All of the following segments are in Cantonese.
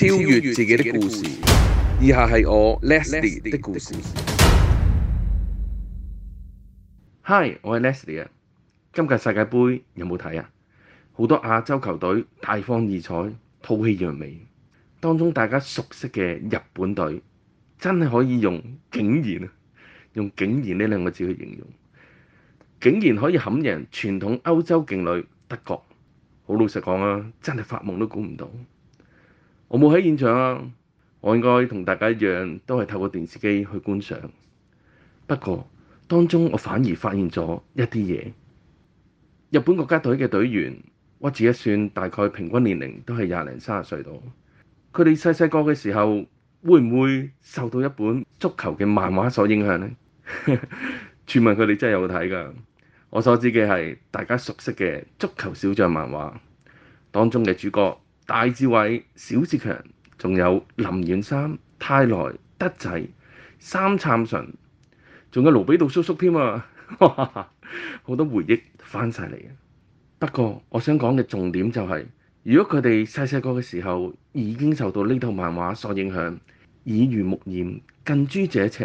超越自己的故事，以下係我 Leslie 的故事。Hi，我係 Leslie 啊。今屆世界盃有冇睇啊？好多亞洲球隊大放異彩，吐氣揚眉。當中大家熟悉嘅日本隊，真係可以用竟然啊，用竟然呢兩個字去形容，竟然可以撼贏傳統歐洲勁旅德國。好老實講啊，真係發夢都估唔到。我冇喺現場啊！我應該同大家一樣，都係透過電視機去觀賞。不過當中我反而發現咗一啲嘢。日本國家隊嘅隊員，屈指一算大概平均年齡都係廿零三十歲度。佢哋細細個嘅時候，會唔會受到一本足球嘅漫畫所影響呢？傳聞佢哋真係有睇噶。我所知嘅係大家熟悉嘅足球小將漫畫當中嘅主角。大志偉、小志強，仲有林遠山、泰來、德仔、三杉純，仲有盧比杜叔叔添啊！好 多回憶翻晒嚟。不過我想講嘅重點就係，如果佢哋細細個嘅時候已經受到呢套漫畫所影響，耳濡目染、近朱者赤，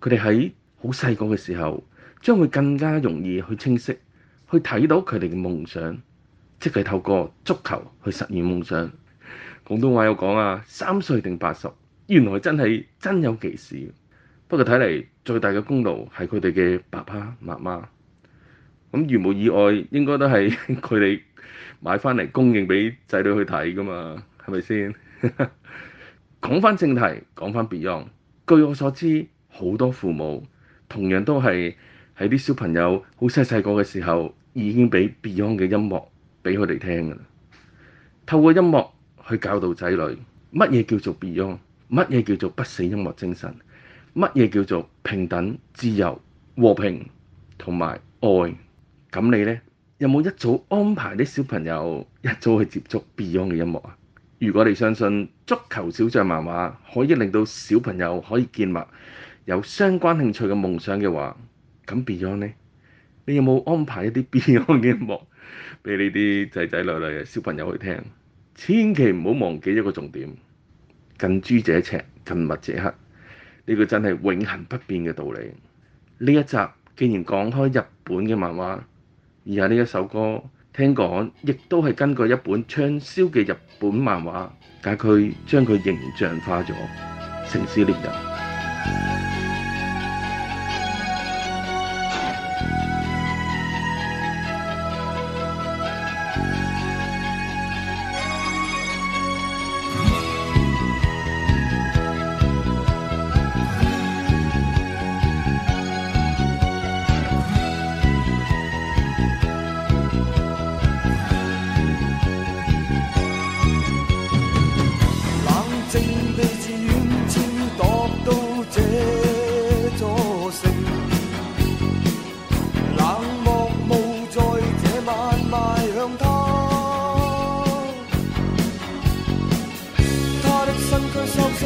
佢哋喺好細個嘅時候，將會更加容易去清晰、去睇到佢哋嘅夢想。即係透過足球去實現夢想。廣東話有講啊，三歲定八十，原來真係真有其事。不過睇嚟，最大嘅功勞係佢哋嘅爸爸媽媽。咁如無意外，應該都係佢哋買返嚟供應俾仔女去睇㗎嘛，係咪先？講返正題，講返 Beyond。據我所知，好多父母同樣都係喺啲小朋友好細細個嘅時候，已經俾 Beyond 嘅音樂。俾佢哋聽㗎喇，透過音樂去教導仔女，乜嘢叫做 Beyond，乜嘢叫做不死音樂精神，乜嘢叫做平等、自由、和平同埋愛。咁你呢，有冇一早安排啲小朋友一早去接觸 Beyond 嘅音樂啊？如果你相信足球小將、漫畫可以令到小朋友可以建立有相關興趣嘅夢想嘅話，咁 Beyond 呢？你有冇安排一啲 Beyond 嘅音樂俾你啲仔仔女女嘅小朋友去聽？千祈唔好忘記一個重點：近朱者赤，近墨者黑。呢、呢個真係永恆不變嘅道理。呢一集既然講開日本嘅漫畫，而下呢一首歌，聽講亦都係根據一本暢銷嘅日本漫畫，但佢將佢形象化咗，城市獵人。